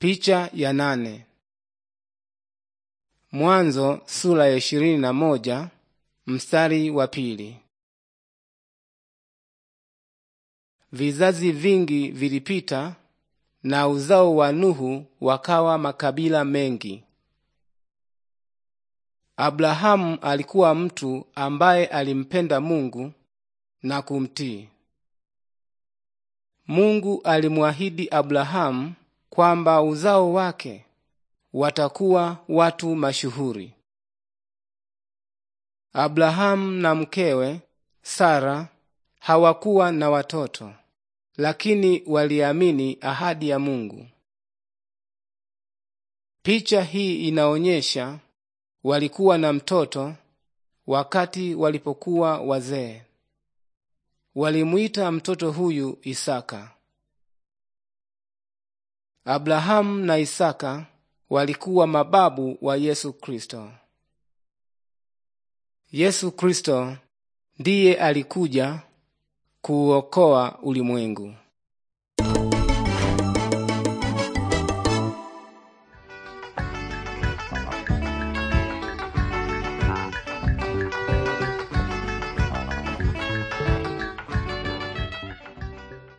Picha ya nane. Mwanzo sura ya ishirini na moja mstari wa pili. Vizazi vingi vilipita na uzao wa Nuhu wakawa makabila mengi. Abrahamu alikuwa mtu ambaye alimpenda Mungu na kumtii. Mungu alimwahidi Abrahamu kwamba uzao wake watakuwa watu mashuhuri. Abrahamu na mkewe Sara hawakuwa na watoto, lakini waliamini ahadi ya Mungu. Picha hii inaonyesha walikuwa na mtoto wakati walipokuwa wazee. walimwita mtoto huyu Isaka. Abrahamu na Isaka walikuwa mababu wa Yesu Kristo. Yesu Kristo ndiye alikuja kuuokoa ulimwengu.